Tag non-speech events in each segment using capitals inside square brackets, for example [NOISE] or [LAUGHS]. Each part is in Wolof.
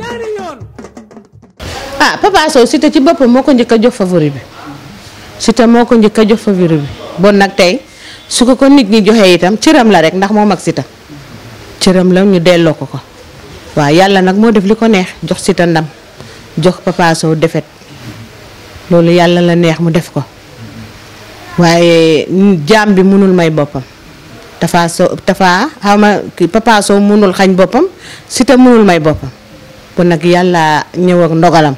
ñaari yoon. ah ci boppam moo ko njëkk a jox favori bi Siteu moo ko njëkk a jox favori bi bon nag tey su ko ko nit ñi joxee itam cëram la rek ndax moo mag Siteu cëram la ñu delloo ko ko waaw yàlla nag moo def li ko neex jox sita ndam jox Papa defet loolu yàlla la neex mu def ko waaye jaam bi mënul may boppam Tafa Sow Tafa xaw ma Papa Sow mënul xañ boppam Siteu mënul may boppam. bu nag yàlla ñëw ndogalam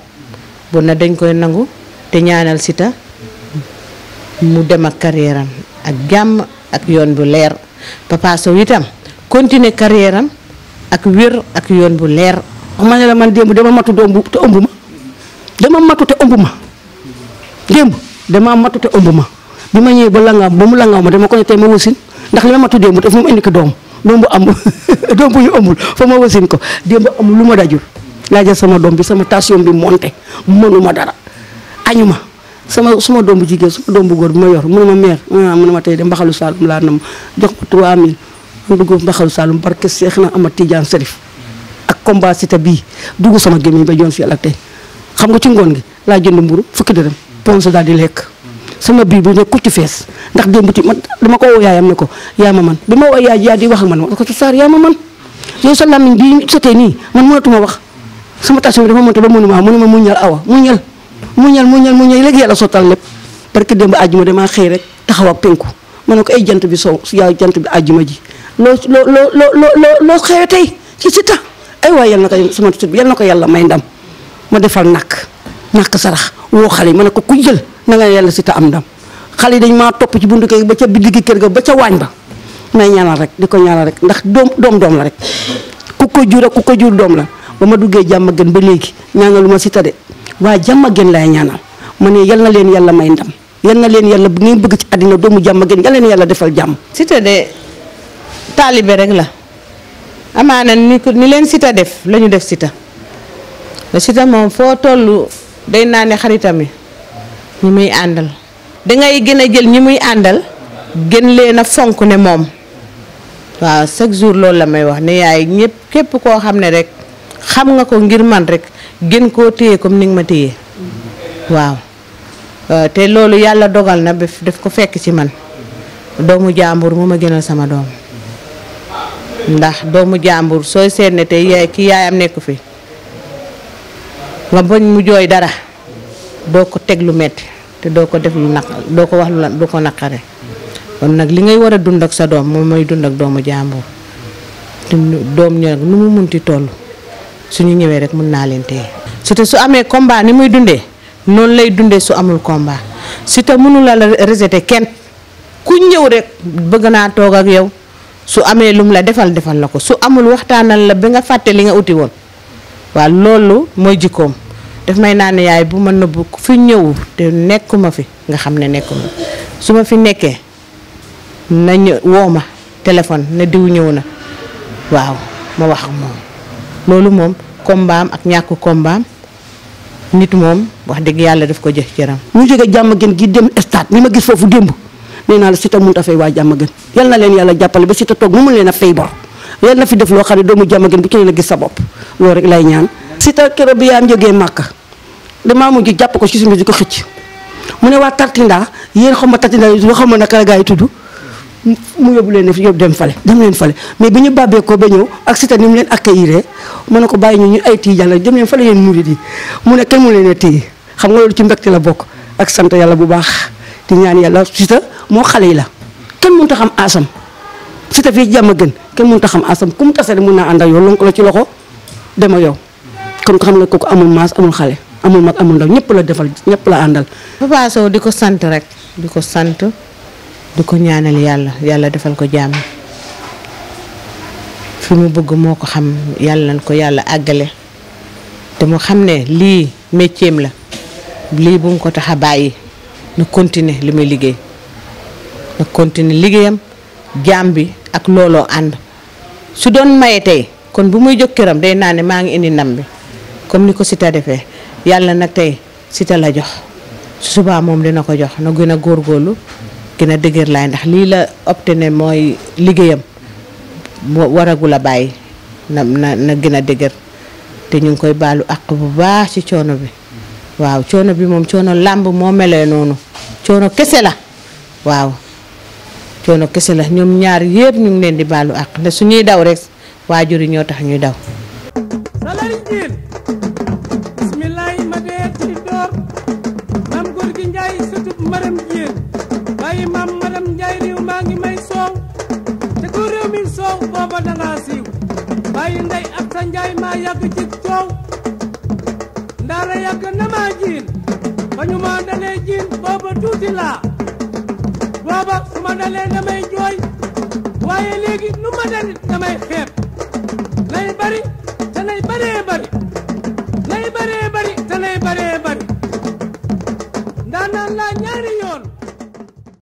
bu nag dañ koy nangu te ñaanal sita mu dem ak carrière ak jàmm ak yoon bu leer Papa Sow itam continuer carrière ak wér ak yoon bu leer. ma ne man démb dama matu te ëmb te ëmb ma dama matu te ëmb ma démb dama matu te ëmb ma bi ma ñëwee bu langaw ba mu langaw ma dama ko ne tey ma wasin ndax li ma matu démb daf mu indi ko doom doom bu am [LAUGHS] doom bu ñu ëmbul fa ma wasin ko démb amul lu ma dajul. naa sama dom bi sama tension bi monté mënuma dara añuma sama sama dom bu jigeen sama dom bu góor ma yor mënuma mer ah, mënuma tay dem baxalu salum la nam jox ko 3000 man dugg baxalu salum barke seex na ama serif ak combat cité bi dugg sama gemi ba jonne fi yàlla tey xam nga ci ngon gi pon jënd mburu fukki ponse dal di lek sama bibi bu ne ku ci fess ndax démb ci man dama ko woy yaayam ne ko maman, ma man ya woy yaay ya di wax ak man ko ci saar yaa ma man yow man tuma wax sama tasim dafa mënta mo mënu ma mënu muñal awa muñal muñal muñal muñal leg yalla sotal lepp barke dem demba aljuma dama xey rek taxaw ak penku manoko ay eh, jant bi so ya jant bi aljuma ji lo lo lo lo lo lo xey tay ci ta ay wa yalla nako suma tut bi yalla nako yalla may ndam ma defal nak nak sarax wo xali manako ku jël na nga yalla sita am ndam xali dañ ma top ci bundu kay ba ca bidigi kër ga ba ca wañ ba may ñaanal rek diko ñaanal rek ndax dom dom dom la rek ku ko jur ak ku ko jur dom la ba duggé duggee gën ba léegi ñaanaluma si tade wa jàmm gën lay ñaanal mané yal na leen yalla may ndam yal na leen yalla bu ngeen bëgg ci àddina doomu jàmm gën yal leen yàlla defal jam. Sitade tade talibé rek la amana ni ko ni leen sita def lañu def sita ci sita mom fo tollu day naane xaritam yi ñi muy andal da ngay gëna jël ñi muy andal gën leena fonk ne moom chaque jour la may wax ne yaay ñepp képp ko xam rek xam nga ko ngir man rekk gën koo téye comme ni nga ma téye waaw euh, te loolu yàlla dogal na daf ko fekk ci man doomu jàmbur mu ma gënal sama doom ndax doomu jàmbur sooy seet ne te yaay ki yaayam nekku fi nga bañ mu jooy dara doo ko teg lu metti te doo ko def lu naq doo ko wax lu du ko naqare kon nag li ngay war a dund ak sa doom moom mooy dund ak doomu jàmbur te doom ñi nag nu mu munti toll su ñu ñëwee rek mën naa leen téye Siteu su amee combat ni muy dundee noonu lay dundee su amul combat Siteu mënu la rejeté kenn ku ñëw rek bëgg naa toog ak yow su amee lum la defal defal la ko su amul waxtaanal la ba nga fàtte li nga uti woon waaw loolu mooy jikkoom daf may naa ne yaay bu ma nëbbu ku fi ñëw te nekkuma fi nga xam ne nekkuma su ma fi nekkee nañ woo ma téléphone ne diw ñëw na waaw ma wax ak moom loolu moom kombaam ak ñàkk kombaam nit moom wax dëgg yàlla def ko jëf jëram ñu jóge jàmm gën gi dem stade li ma gis foofu démb nee naa la Siteu mënut a fay waa jàmm gën yal na leen yàlla jàppale ba Siteu toog mu mun leen a fay bor yal na fi def loo xam ne doomu jàmm gën bu ci leen a gis sa bopp loolu rek lay ñaan Siteu keroog bi yaam jógee Màkka damaa mujj jàpp ko ci suñu di ko xëcc mu ne waa Tartinda yéen xaw ma Tartinda loo xam ne naka la gaa yi tudd mu yóbbu leen def yóbbu dem fale dem leen fale mais bi ñu bàbbee ko ba ñëw ak Siteu ni mu leen accueillir mën na ko bàyyi ñu ñu ay tijaan la dem leen fale yéen murid mu ne kenn mu leen a téye xam nga loolu ci mbégte la bokk ak sant yàlla bu baax di ñaan yàlla Siteu moo xale yi la kenn mun a xam asam Siteu fii jàmm gën kenn mun a xam asam ku mu tase mun naa ànd ak yow lonk la ci loxo dem yow kon ko xam nga ko amul maas amul xale amul mag amul ndaw ñëpp la defal ñëpp la àndal. Papa di ko sant rek di ko sant. di ko ñaanal yàlla yàlla defal ko jàmm fi mu bëgg moo ko xam yàlla na ko yàlla àggale te mu xam ne lii métier la lii bu mu ko tax a bàyyi na continuer li muy liggéey na continuer liggéeyam jaam bi ak looloo ànd su doon maye tey kon bu muy jóg këram day naa ne maa ngi indi ndam bi comme ni ko Sita defee yàlla nag tey Sita la jox su subaa moom dina ko jox na gën a góorgóorlu na dëgër laay ndax lii la opté ne mooy liggéeyam waragul a bàyyi na na gën a dëgër te ñu ngi koy baalu àq bu baax ci coono bi waaw coono bi moom coono làmb moo melee noonu coono kese la waaw coono kese la ñoom ñaar yëpp ñu ngi leen di baalu àq ndax su ñuy daw rek waajur yi ñoo tax ñuy daw. bàyyi ndey ak sa njaay maa yàgg ci coow ndaara yàgg na maa jiin ba ñu ma jiin booba tuuti laa booba su ma dalee damay jooy waaye léegi nu ma dalit damay xeeb nay bari te nay baree bari nay baree bari te nay baree bari ndaanaan laa ñaari